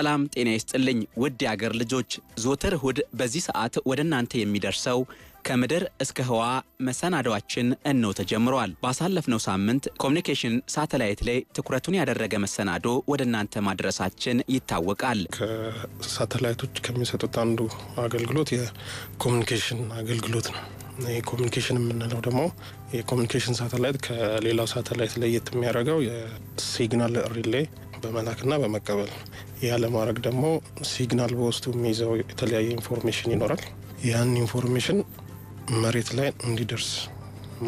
ሰላም ጤና ይስጥልኝ ውድ የአገር ልጆች፣ ዞተር እሁድ በዚህ ሰዓት ወደ እናንተ የሚደርሰው ከምድር እስከ ህዋ መሰናዶችን እነው ተጀምሯል። ባሳለፍነው ሳምንት ኮሚኒኬሽን ሳተላይት ላይ ትኩረቱን ያደረገ መሰናዶ ወደ እናንተ ማድረሳችን ይታወቃል። ከሳተላይቶች ከሚሰጡት አንዱ አገልግሎት የኮሚኒኬሽን አገልግሎት ነው። ኮሚኒኬሽን የምንለው ደግሞ የኮሚኒኬሽን ሳተላይት ከሌላው ሳተላይት ለየት የሚያደርገው የሲግናል ሪሌ በመላክና በመቀበል ያለማድረግ ደግሞ ሲግናል በውስጡ የሚይዘው የተለያየ ኢንፎርሜሽን ይኖራል። ያን ኢንፎርሜሽን መሬት ላይ እንዲደርስ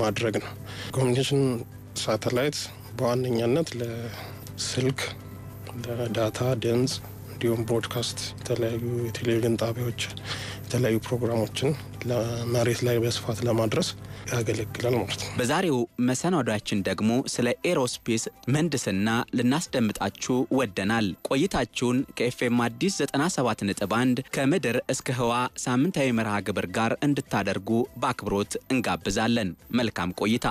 ማድረግ ነው። ኮሚኒኬሽን ሳተላይት በዋነኛነት ለስልክ፣ ለዳታ፣ ድምፅ ሬዲዮን ብሮድካስት፣ የተለያዩ የቴሌቪዥን ጣቢያዎች የተለያዩ ፕሮግራሞችን መሬት ላይ በስፋት ለማድረስ ያገለግላል ማለት ነው። በዛሬው መሰናዷችን ደግሞ ስለ ኤሮስፔስ ምህንድስና ልናስደምጣችሁ ወደናል። ቆይታችሁን ከኤፍኤም አዲስ 97 ነጥብ 1 ከምድር እስከ ህዋ ሳምንታዊ መርሃ ግብር ጋር እንድታደርጉ በአክብሮት እንጋብዛለን። መልካም ቆይታ።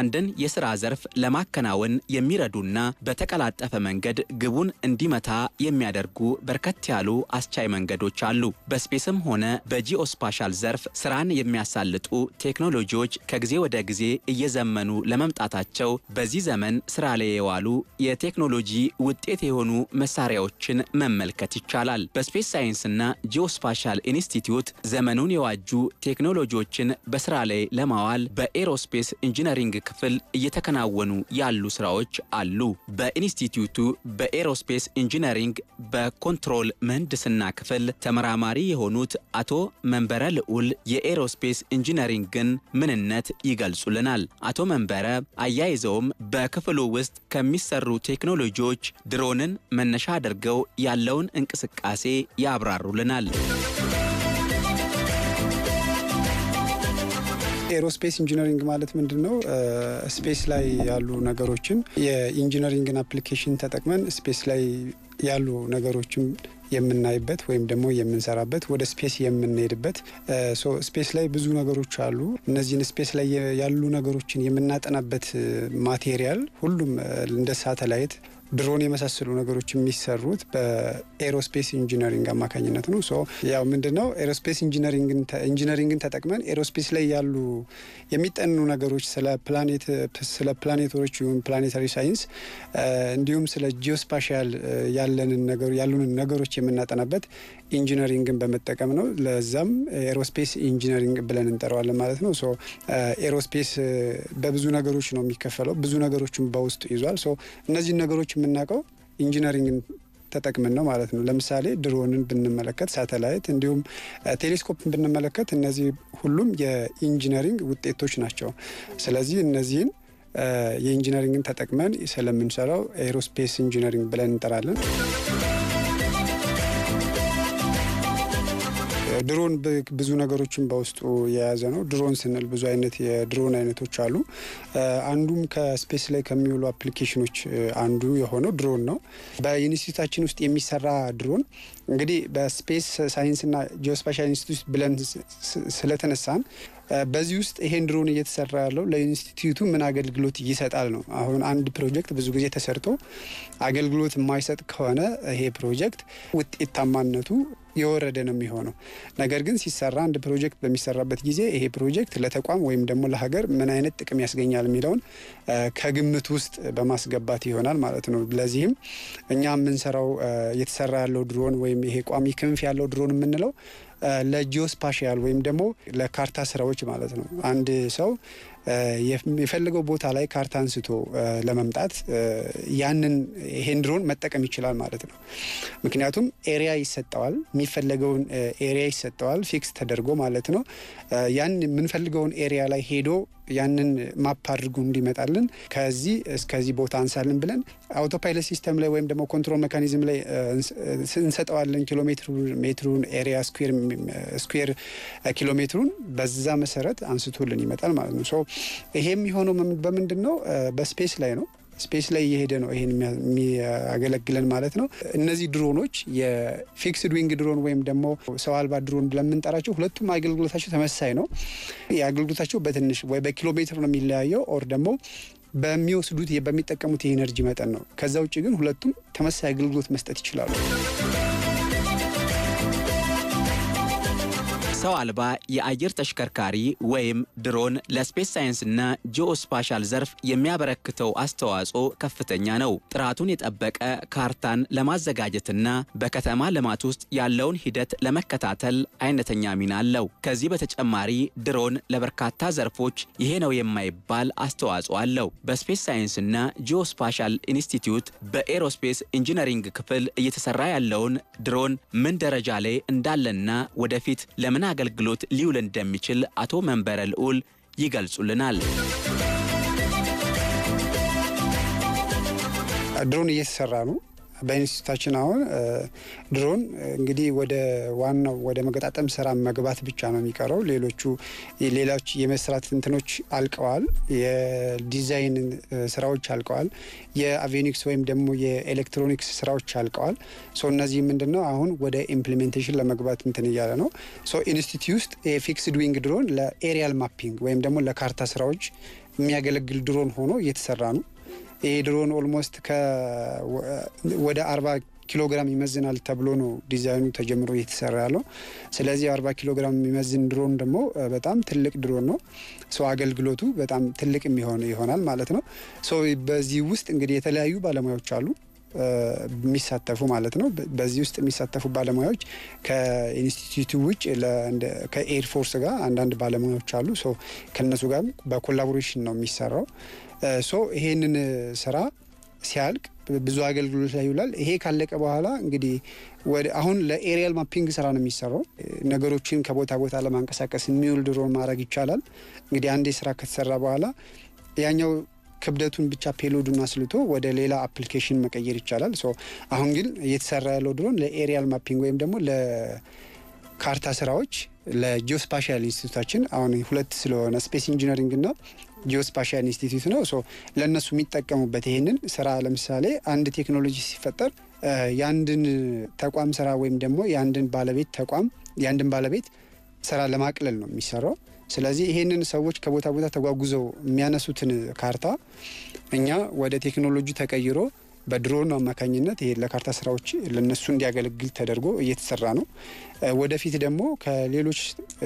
አንድን የሥራ ዘርፍ ለማከናወን የሚረዱና በተቀላጠፈ መንገድ ግቡን እንዲመታ የሚያደርጉ በርከት ያሉ አስቻይ መንገዶች አሉ። በስፔስም ሆነ በጂኦስፓሻል ዘርፍ ስራን የሚያሳልጡ ቴክኖሎጂዎች ከጊዜ ወደ ጊዜ እየዘመኑ ለመምጣታቸው በዚህ ዘመን ስራ ላይ የዋሉ የቴክኖሎጂ ውጤት የሆኑ መሳሪያዎችን መመልከት ይቻላል። በስፔስ ሳይንስና ጂኦስፓሻል ኢንስቲትዩት ዘመኑን የዋጁ ቴክኖሎጂዎችን በስራ ላይ ለማዋል በኤሮስፔስ ኢንጂነሪንግ ክፍል እየተከናወኑ ያሉ ስራዎች አሉ። በኢንስቲትዩቱ በኤሮስፔስ ኢንጂነሪንግ በኮንትሮል ምህንድስና ክፍል ተመራማሪ የሆኑት አቶ መንበረ ልዑል የኤሮስፔስ ኢንጂነሪንግን ምንነት ይገልጹልናል። አቶ መንበረ አያይዘውም በክፍሉ ውስጥ ከሚሰሩ ቴክኖሎጂዎች ድሮንን መነሻ አድርገው ያለውን እንቅስቃሴ ያብራሩልናል። ኤሮስፔስ ኢንጂነሪንግ ማለት ምንድን ነው? ስፔስ ላይ ያሉ ነገሮችን የኢንጂነሪንግን አፕሊኬሽን ተጠቅመን ስፔስ ላይ ያሉ ነገሮችን የምናይበት ወይም ደግሞ የምንሰራበት ወደ ስፔስ የምንሄድበት ስፔስ ላይ ብዙ ነገሮች አሉ። እነዚህን ስፔስ ላይ ያሉ ነገሮችን የምናጠናበት ማቴሪያል ሁሉም እንደ ሳተላይት ድሮን የመሳሰሉ ነገሮች የሚሰሩት በኤሮስፔስ ኢንጂነሪንግ አማካኝነት ነው። ሶ ያው ምንድን ነው ኤሮስፔስ ኢንጂነሪንግን ተጠቅመን ኤሮስፔስ ላይ ያሉ የሚጠኑ ነገሮች ስለ ፕላኔቶች ወይም ፕላኔታሪ ሳይንስ እንዲሁም ስለ ጂኦስፓሻል ያለንን ያሉንን ነገሮች የምናጠናበት ኢንጂነሪንግን በመጠቀም ነው። ለዛም ኤሮስፔስ ኢንጂነሪንግ ብለን እንጠራዋለን ማለት ነው። ሶ ኤሮስፔስ በብዙ ነገሮች ነው የሚከፈለው። ብዙ ነገሮችን በውስጡ ይዟል። ሶ እነዚህን ነገሮች የምናውቀው ኢንጂነሪንግን ተጠቅምን ነው ማለት ነው። ለምሳሌ ድሮንን ብንመለከት፣ ሳተላይት እንዲሁም ቴሌስኮፕን ብንመለከት እነዚህ ሁሉም የኢንጂነሪንግ ውጤቶች ናቸው። ስለዚህ እነዚህን የኢንጂነሪንግን ተጠቅመን ስለምንሰራው ኤሮስፔስ ኢንጂነሪንግ ብለን እንጠራለን። ድሮን ብዙ ነገሮችን በውስጡ የያዘ ነው። ድሮን ስንል ብዙ አይነት የድሮን አይነቶች አሉ። አንዱም ከስፔስ ላይ ከሚውሉ አፕሊኬሽኖች አንዱ የሆነው ድሮን ነው። በዩኒቨርሲቲታችን ውስጥ የሚሰራ ድሮን እንግዲህ በስፔስ ሳይንስና ጂኦስፓሻል ኢንስቲትዩት ብለን ስለተነሳን በዚህ ውስጥ ይሄን ድሮን እየተሰራ ያለው ለኢንስቲትዩቱ ምን አገልግሎት ይሰጣል ነው። አሁን አንድ ፕሮጀክት ብዙ ጊዜ ተሰርቶ አገልግሎት የማይሰጥ ከሆነ ይሄ ፕሮጀክት ውጤታማነቱ የወረደ ነው የሚሆነው። ነገር ግን ሲሰራ አንድ ፕሮጀክት በሚሰራበት ጊዜ ይሄ ፕሮጀክት ለተቋም ወይም ደግሞ ለሀገር ምን አይነት ጥቅም ያስገኛል የሚለውን ከግምት ውስጥ በማስገባት ይሆናል ማለት ነው። ለዚህም እኛ የምንሰራው የተሰራ ያለው ድሮን ወይም ይሄ ቋሚ ክንፍ ያለው ድሮን የምንለው ለጂኦስፓሽያል ወይም ደግሞ ለካርታ ስራዎች ማለት ነው። አንድ ሰው የሚፈልገው ቦታ ላይ ካርታ አንስቶ ለመምጣት ያንን ይሄን ድሮን መጠቀም ይችላል ማለት ነው። ምክንያቱም ኤሪያ ይሰጠዋል፣ የሚፈለገውን ኤሪያ ይሰጠዋል፣ ፊክስ ተደርጎ ማለት ነው። ያን የምንፈልገውን ኤሪያ ላይ ሄዶ ያንን ማፕ አድርጉ እንዲመጣልን ከዚህ እስከዚህ ቦታ አንሳልን ብለን አውቶፓይለት ሲስተም ላይ ወይም ደግሞ ኮንትሮል ሜካኒዝም ላይ እንሰጠዋለን። ኪሎ ሜትሩን፣ ኤሪያ ስኩዌር ኪሎ ሜትሩን በዛ መሰረት አንስቶልን ይመጣል ማለት ነው። ይሄም የሆነው በምንድን ነው? በስፔስ ላይ ነው። ስፔስ ላይ እየሄደ ነው ይሄን የሚያገለግለን ማለት ነው። እነዚህ ድሮኖች የፊክስድ ዊንግ ድሮን ወይም ደግሞ ሰው አልባ ድሮን ለምንጠራቸው ሁለቱም አገልግሎታቸው ተመሳይ ነው። የአገልግሎታቸው በትንሽ ወይ በኪሎ ሜትር ነው የሚለያየው ኦር ደግሞ በሚወስዱት በሚጠቀሙት የኤነርጂ መጠን ነው። ከዛ ውጭ ግን ሁለቱም ተመሳሳይ አገልግሎት መስጠት ይችላሉ። ሰው አልባ የአየር ተሽከርካሪ ወይም ድሮን ለስፔስ ሳይንስና ጂኦስፓሻል ዘርፍ የሚያበረክተው አስተዋጽኦ ከፍተኛ ነው። ጥራቱን የጠበቀ ካርታን ለማዘጋጀትና በከተማ ልማት ውስጥ ያለውን ሂደት ለመከታተል አይነተኛ ሚና አለው። ከዚህ በተጨማሪ ድሮን ለበርካታ ዘርፎች ይሄ ነው የማይባል አስተዋጽኦ አለው። በስፔስ ሳይንስና ጂኦስፓሻል ኢንስቲትዩት በኤሮስፔስ ኢንጂነሪንግ ክፍል እየተሰራ ያለውን ድሮን ምን ደረጃ ላይ እንዳለና ወደፊት ለምን አገልግሎት ሊውል እንደሚችል አቶ መንበረ ልዑል ይገልጹልናል። ድሮን እየተሰራ ነው። በኢንስቲትዩታችን አሁን ድሮን እንግዲህ ወደ ዋናው ወደ መገጣጠም ስራ መግባት ብቻ ነው የሚቀረው። ሌሎቹ ሌሎች የመስራት እንትኖች አልቀዋል። የዲዛይን ስራዎች አልቀዋል። የአቬኒክስ ወይም ደግሞ የኤሌክትሮኒክስ ስራዎች አልቀዋል። ሶ እነዚህ ምንድን ነው አሁን ወደ ኢምፕሊሜንቴሽን ለመግባት እንትን እያለ ነው። ሶ ኢንስቲቲ ውስጥ የፊክስድ ዊንግ ድሮን ለኤሪያል ማፒንግ ወይም ደግሞ ለካርታ ስራዎች የሚያገለግል ድሮን ሆኖ እየተሰራ ነው። ይሄ ድሮን ኦልሞስት ወደ አርባ ኪሎ ግራም ይመዝናል ተብሎ ነው ዲዛይኑ ተጀምሮ እየተሰራ ያለው። ስለዚህ አርባ ኪሎ ግራም የሚመዝን ድሮን ደግሞ በጣም ትልቅ ድሮን ነው። ሰው አገልግሎቱ በጣም ትልቅ የሚሆን ይሆናል ማለት ነው። ሰው በዚህ ውስጥ እንግዲህ የተለያዩ ባለሙያዎች አሉ። የሚሳተፉ ማለት ነው። በዚህ ውስጥ የሚሳተፉ ባለሙያዎች ከኢንስቲትዩቱ ውጭ ከኤርፎርስ ጋር አንዳንድ ባለሙያዎች አሉ። ከነሱ ጋር በኮላቦሬሽን ነው የሚሰራው። ሶ ይሄንን ስራ ሲያልቅ ብዙ አገልግሎት ላይ ይውላል። ይሄ ካለቀ በኋላ እንግዲህ አሁን ለኤሪያል ማፒንግ ስራ ነው የሚሰራው። ነገሮችን ከቦታ ቦታ ለማንቀሳቀስ የሚውል ድሮን ማድረግ ይቻላል። እንግዲህ አንዴ ስራ ከተሰራ በኋላ ያኛው ክብደቱን ብቻ ፔሎዱን አስልቶ ወደ ሌላ አፕሊኬሽን መቀየር ይቻላል። አሁን ግን እየተሰራ ያለው ድሮን ለኤሪያል ማፒንግ ወይም ደግሞ ለካርታ ስራዎች ለጂኦስፓሻል ኢንስቲቱታችን አሁን ሁለት ስለሆነ ስፔስ ኢንጂነሪንግ ና ጂኦስፓሻል ኢንስቲትዩት ነው። ሶ ለእነሱ የሚጠቀሙበት ይህንን ስራ ለምሳሌ አንድ ቴክኖሎጂ ሲፈጠር የአንድን ተቋም ስራ ወይም ደግሞ የአንድን ባለቤት ተቋም የአንድን ባለቤት ስራ ለማቅለል ነው የሚሰራው። ስለዚህ ይሄንን ሰዎች ከቦታ ቦታ ተጓጉዘው የሚያነሱትን ካርታ እኛ ወደ ቴክኖሎጂ ተቀይሮ በድሮን አማካኝነት ይሄ ለካርታ ስራዎች ለነሱ እንዲያገለግል ተደርጎ እየተሰራ ነው። ወደፊት ደግሞ ከሌሎች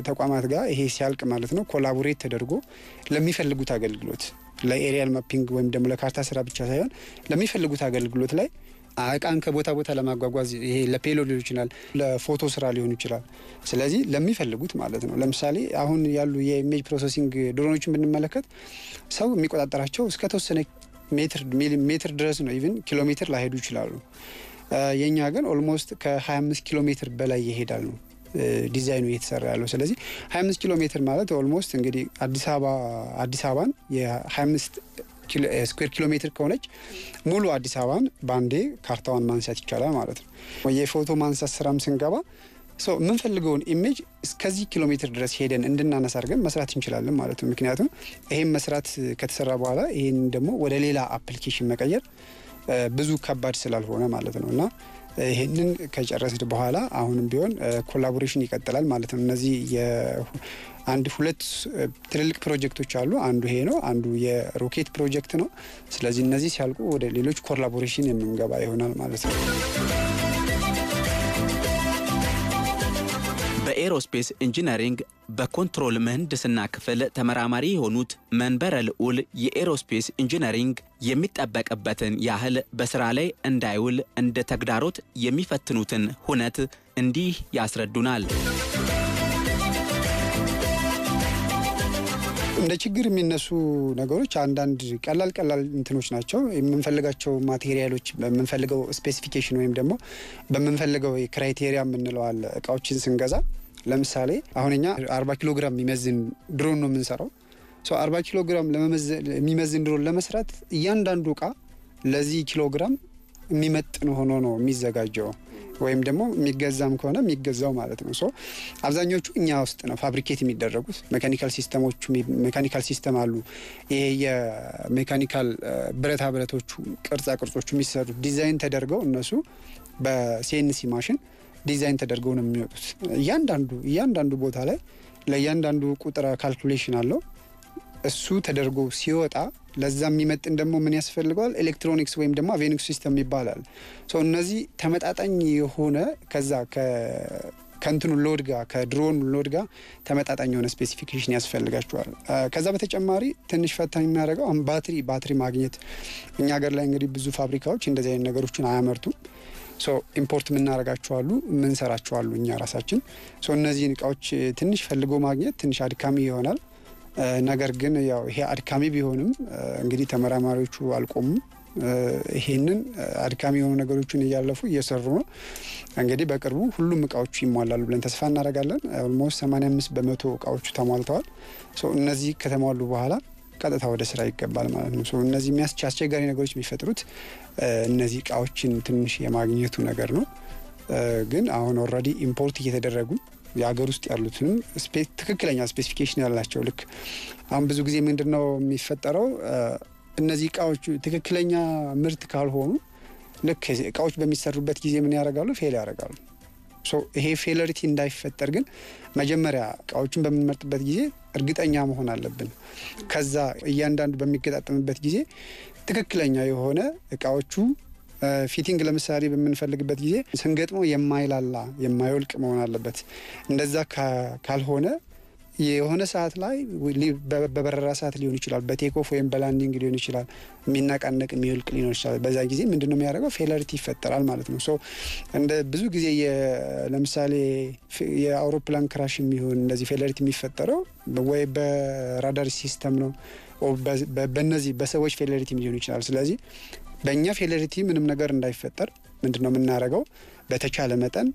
ተቋማት ጋር ይሄ ሲያልቅ ማለት ነው ኮላቦሬት ተደርጎ ለሚፈልጉት አገልግሎት ለኤሪያል ማፒንግ ወይም ደግሞ ለካርታ ስራ ብቻ ሳይሆን ለሚፈልጉት አገልግሎት ላይ እቃን ከቦታ ቦታ ለማጓጓዝ ይሄ ለፔሎ ሊሆን ይችላል፣ ለፎቶ ስራ ሊሆን ይችላል። ስለዚህ ለሚፈልጉት ማለት ነው። ለምሳሌ አሁን ያሉ የኢሜጅ ፕሮሰሲንግ ድሮኖችን ብንመለከት ሰው የሚቆጣጠራቸው እስከ ተወሰነ ሜትር ድረስ ነው። ኢቭን ኪሎ ሜትር ላይሄዱ ይችላሉ። የእኛ ግን ኦልሞስት ከ25 ኪሎ ሜትር በላይ ይሄዳል ነው ዲዛይኑ እየተሰራ ያለው። ስለዚህ 25 ኪሎ ሜትር ማለት ኦልሞስት እንግዲህ አዲስ አበባ አዲስ አበባን የ25 ስኩዌር ኪሎ ሜትር ከሆነች ሙሉ አዲስ አበባን በአንዴ ካርታዋን ማንሳት ይቻላል ማለት ነው። የፎቶ ማንሳት ስራም ስንገባ የምንፈልገውን ኢሜጅ እስከዚህ ኪሎ ሜትር ድረስ ሄደን እንድናነሳ አድርገን መስራት እንችላለን ማለት ነው። ምክንያቱም ይህም መስራት ከተሰራ በኋላ ይህን ደግሞ ወደ ሌላ አፕሊኬሽን መቀየር ብዙ ከባድ ስላልሆነ ማለት ነው እና ይህንን ከጨረስድ በኋላ አሁንም ቢሆን ኮላቦሬሽን ይቀጥላል ማለት ነው። እነዚህ አንድ ሁለት ትልልቅ ፕሮጀክቶች አሉ። አንዱ ይሄ ነው፣ አንዱ የሮኬት ፕሮጀክት ነው። ስለዚህ እነዚህ ሲያልቁ ወደ ሌሎች ኮላቦሬሽን የምንገባ ይሆናል ማለት ነው። በኤሮስፔስ ኢንጂነሪንግ በኮንትሮል ምህንድስና ክፍል ተመራማሪ የሆኑት መንበረ ልዑል የኤሮስፔስ ኢንጂነሪንግ የሚጠበቅበትን ያህል በሥራ ላይ እንዳይውል እንደ ተግዳሮት የሚፈትኑትን ሁነት እንዲህ ያስረዱናል። እንደ ችግር የሚነሱ ነገሮች አንዳንድ ቀላል ቀላል እንትኖች ናቸው። የምንፈልጋቸው ማቴሪያሎች በምንፈልገው ስፔሲፊኬሽን ወይም ደግሞ በምንፈልገው ክራይቴሪያ የምንለዋል እቃዎችን ስንገዛ ለምሳሌ አሁን እኛ አርባ ኪሎ ግራም የሚመዝን ድሮን ነው የምንሰራው። አርባ ኪሎ ግራም የሚመዝን ድሮን ለመስራት እያንዳንዱ እቃ ለዚህ ኪሎ ግራም የሚመጥን ሆኖ ነው የሚዘጋጀው ወይም ደግሞ የሚገዛም ከሆነ የሚገዛው ማለት ነው። ሶ አብዛኞቹ እኛ ውስጥ ነው ፋብሪኬት የሚደረጉት። ሜካኒካል ሲስተሞቹ ሜካኒካል ሲስተም አሉ። ይሄ የሜካኒካል ብረታ ብረቶቹ ቅርጻ ቅርጾቹ የሚሰሩት ዲዛይን ተደርገው እነሱ በሲኤንሲ ማሽን ዲዛይን ተደርገው ነው የሚወጡት። እያንዳንዱ እያንዳንዱ ቦታ ላይ ለእያንዳንዱ ቁጥር ካልኩሌሽን አለው። እሱ ተደርጎ ሲወጣ ለዛ የሚመጥን ደግሞ ምን ያስፈልገዋል? ኤሌክትሮኒክስ ወይም ደግሞ አቬኒክስ ሲስተም ይባላል። እነዚህ ተመጣጣኝ የሆነ ከዛ ከንትኑ ሎድ ጋር ከድሮን ሎድ ጋር ተመጣጣኝ የሆነ ስፔሲፊኬሽን ያስፈልጋቸዋል። ከዛ በተጨማሪ ትንሽ ፈታኝ የሚያደርገው አሁን ባትሪ ባትሪ ማግኘት እኛ ሀገር ላይ እንግዲህ ብዙ ፋብሪካዎች እንደዚህ አይነት ነገሮችን አያመርቱም። ኢምፖርት የምናደርጋቸው አሉ፣ አሉ እኛ ራሳችን። እነዚህን እቃዎች ትንሽ ፈልጎ ማግኘት ትንሽ አድካሚ ይሆናል። ነገር ግን ያው ይሄ አድካሚ ቢሆንም እንግዲህ ተመራማሪዎቹ አልቆሙም። ይሄንን አድካሚ የሆኑ ነገሮችን እያለፉ እየሰሩ ነው። እንግዲህ በቅርቡ ሁሉም እቃዎቹ ይሟላሉ ብለን ተስፋ እናደርጋለን። ኦልሞስት 85 በመቶ እቃዎቹ ተሟልተዋል። እነዚህ ከተሟሉ በኋላ ቀጥታ ወደ ስራ ይገባል ማለት ነው። እነዚህ አስቸጋሪ ነገሮች የሚፈጥሩት እነዚህ እቃዎችን ትንሽ የማግኘቱ ነገር ነው። ግን አሁን ኦልሬዲ ኢምፖርት እየተደረጉ የሀገር ውስጥ ያሉትንም ትክክለኛ ስፔሲፊኬሽን ያላቸው ልክ አሁን ብዙ ጊዜ ምንድን ነው የሚፈጠረው እነዚህ እቃዎች ትክክለኛ ምርት ካልሆኑ ልክ እቃዎች በሚሰሩበት ጊዜ ምን ያደርጋሉ? ፌል ያደርጋሉ። ይሄ ፌለሪቲ እንዳይፈጠር ግን መጀመሪያ እቃዎችን በምንመርጥበት ጊዜ እርግጠኛ መሆን አለብን። ከዛ እያንዳንዱ በሚገጣጠምበት ጊዜ ትክክለኛ የሆነ እቃዎቹ ፊቲንግ ለምሳሌ በምንፈልግበት ጊዜ ስንገጥሞ የማይላላ የማይወልቅ መሆን አለበት። እንደዛ ካልሆነ የሆነ ሰዓት ላይ በበረራ ሰዓት ሊሆን ይችላል፣ በቴክኦፍ ወይም በላንዲንግ ሊሆን ይችላል፣ የሚናቃነቅ የሚወልቅ ሊሆን ይችላል። በዛ ጊዜ ምንድነው የሚያደርገው? ፌለሪቲ ይፈጠራል ማለት ነው። እንደ ብዙ ጊዜ ለምሳሌ የአውሮፕላን ክራሽ የሚሆን እነዚህ ፌለሪቲ የሚፈጠረው ወይ በራዳር ሲስተም ነው፣ በነዚህ በሰዎች ፌለሪቲ ሊሆን ይችላል። ስለዚህ በእኛ ፌለሪቲ ምንም ነገር እንዳይፈጠር ምንድነው የምናደርገው? በተቻለ መጠን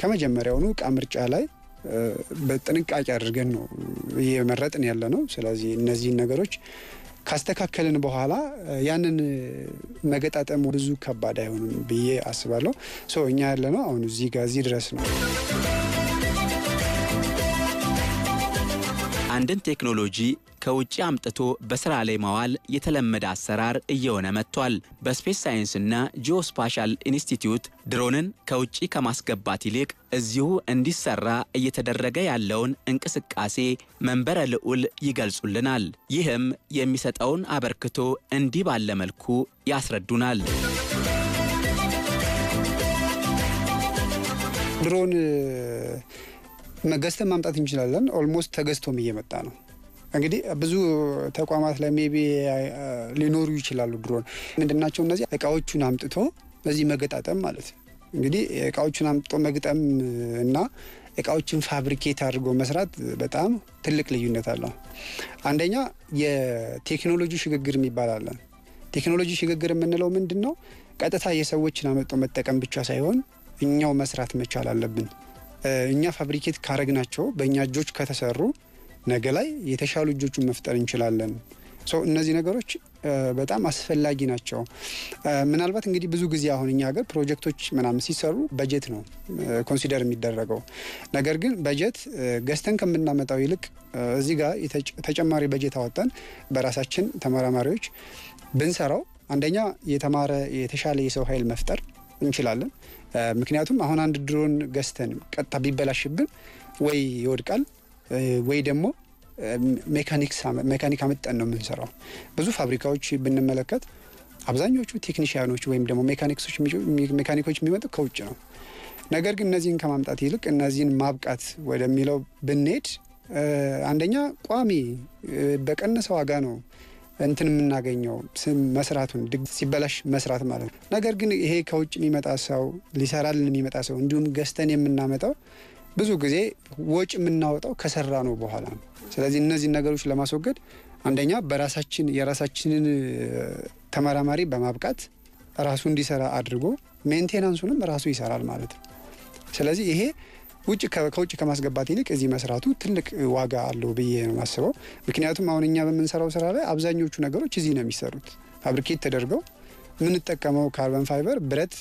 ከመጀመሪያውኑ እቃ ምርጫ ላይ በጥንቃቄ አድርገን ነው እየመረጥን ያለ ነው። ስለዚህ እነዚህን ነገሮች ካስተካከልን በኋላ ያንን መገጣጠሙ ብዙ ከባድ አይሆንም ብዬ አስባለሁ። እኛ ያለ ነው አሁን እዚህ ጋር እዚህ ድረስ ነው። አንድን ቴክኖሎጂ ከውጭ አምጥቶ በስራ ላይ ማዋል የተለመደ አሰራር እየሆነ መጥቷል። በስፔስ ሳይንስና ጂኦስፓሻል ኢንስቲትዩት ድሮንን ከውጭ ከማስገባት ይልቅ እዚሁ እንዲሰራ እየተደረገ ያለውን እንቅስቃሴ መንበረ ልዑል ይገልጹልናል። ይህም የሚሰጠውን አበርክቶ እንዲህ ባለ መልኩ ያስረዱናል። ድሮን ገዝተን ማምጣት እንችላለን። ኦልሞስት ተገዝቶም እየመጣ ነው። እንግዲህ ብዙ ተቋማት ላይ ቢ ሊኖሩ ይችላሉ። ድሮን ምንድናቸው እነዚህ እቃዎቹን አምጥቶ በዚህ መገጣጠም ማለት ነው። እንግዲህ እቃዎቹን አምጥቶ መግጠም እና እቃዎችን ፋብሪኬት አድርጎ መስራት በጣም ትልቅ ልዩነት አለው። አንደኛ የቴክኖሎጂ ሽግግር የሚባላለን። ቴክኖሎጂ ሽግግር የምንለው ምንድን ነው? ቀጥታ የሰዎችን አመጦ መጠቀም ብቻ ሳይሆን እኛው መስራት መቻል አለብን። እኛ ፋብሪኬት ካረግናቸው በእኛ እጆች ከተሰሩ ነገ ላይ የተሻሉ እጆቹን መፍጠር እንችላለን። እነዚህ ነገሮች በጣም አስፈላጊ ናቸው። ምናልባት እንግዲህ ብዙ ጊዜ አሁን እኛ ሀገር ፕሮጀክቶች ምናምን ሲሰሩ በጀት ነው ኮንሲደር የሚደረገው። ነገር ግን በጀት ገዝተን ከምናመጣው ይልቅ እዚህ ጋር ተጨማሪ በጀት አወጠን በራሳችን ተመራማሪዎች ብንሰራው አንደኛ የተማረ የተሻለ የሰው ኃይል መፍጠር እንችላለን። ምክንያቱም አሁን አንድ ድሮን ገዝተን ቀጥታ ቢበላሽብን ወይ ይወድቃል ወይ ደግሞ ሜካኒክ አመጠን ነው የምንሰራው። ብዙ ፋብሪካዎች ብንመለከት አብዛኞቹ ቴክኒሽያኖች ወይም ደግሞ ሜካኒኮች የሚመጡ ከውጭ ነው። ነገር ግን እነዚህን ከማምጣት ይልቅ እነዚህን ማብቃት ወደሚለው ብንሄድ አንደኛ ቋሚ በቀነሰ ዋጋ ነው እንትን የምናገኘው መስራቱን ድግ ሲበላሽ መስራት ማለት ነው። ነገር ግን ይሄ ከውጭ የሚመጣ ሰው ሊሰራልን የሚመጣ ሰው እንዲሁም ገዝተን የምናመጣው ብዙ ጊዜ ወጪ የምናወጣው ከሰራ ነው በኋላ ነው። ስለዚህ እነዚህን ነገሮች ለማስወገድ አንደኛ በራሳችን የራሳችንን ተመራማሪ በማብቃት ራሱ እንዲሰራ አድርጎ ሜንቴናንሱንም ራሱ ይሰራል ማለት ነው። ስለዚህ ይሄ ውጭ ከውጭ ከማስገባት ይልቅ እዚህ መስራቱ ትልቅ ዋጋ አለው ብዬ ነው የማስበው። ምክንያቱም አሁን እኛ በምንሰራው ስራ ላይ አብዛኞቹ ነገሮች እዚህ ነው የሚሰሩት፣ ፋብሪኬት ተደርገው የምንጠቀመው ካርበን ፋይበር፣ ብረት፣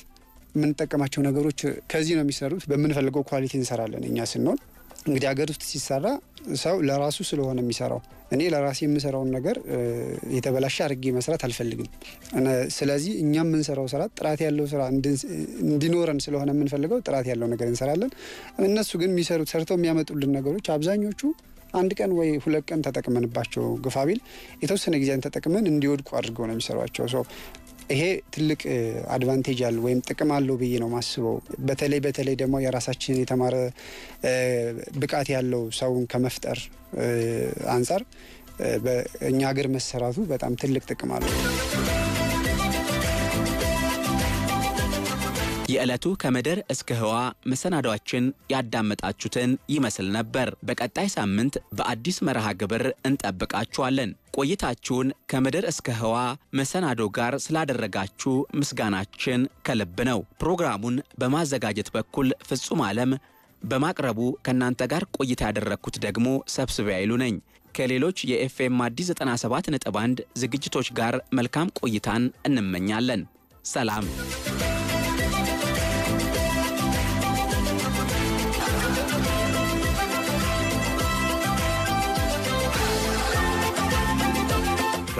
የምንጠቀማቸው ነገሮች ከዚህ ነው የሚሰሩት። በምንፈልገው ኳሊቲ እንሰራለን እኛ ስንሆን እንግዲህ ሀገር ውስጥ ሲሰራ ሰው ለራሱ ስለሆነ የሚሰራው እኔ ለራሴ የምሰራውን ነገር የተበላሸ አድርጌ መስራት አልፈልግም። ስለዚህ እኛ የምንሰራው ስራ ጥራት ያለው ስራ እንዲኖረን ስለሆነ የምንፈልገው ጥራት ያለው ነገር እንሰራለን። እነሱ ግን የሚሰሩት ሰርተው የሚያመጡልን ነገሮች አብዛኞቹ አንድ ቀን ወይ ሁለት ቀን ተጠቅመንባቸው ግፋቢል የተወሰነ ጊዜን ተጠቅመን እንዲወድቁ አድርገው ነው የሚሰሯቸው። ይሄ ትልቅ አድቫንቴጅ አለ ወይም ጥቅም አለው ብዬ ነው ማስበው። በተለይ በተለይ ደግሞ የራሳችን የተማረ ብቃት ያለው ሰውን ከመፍጠር አንጻር በእኛ ሀገር መሰራቱ በጣም ትልቅ ጥቅም አለው። የዕለቱ ከምድር እስከ ህዋ መሰናዷችን ያዳመጣችሁትን ይመስል ነበር። በቀጣይ ሳምንት በአዲስ መርሃ ግብር እንጠብቃችኋለን። ቆይታችሁን ከምድር እስከ ህዋ መሰናዶ ጋር ስላደረጋችሁ ምስጋናችን ከልብ ነው። ፕሮግራሙን በማዘጋጀት በኩል ፍጹም ዓለም በማቅረቡ ከእናንተ ጋር ቆይታ ያደረግኩት ደግሞ ሰብስቤ አይሉ ነኝ። ከሌሎች የኤፍኤም አዲስ 97 ነጥብ 1 ዝግጅቶች ጋር መልካም ቆይታን እንመኛለን። ሰላም።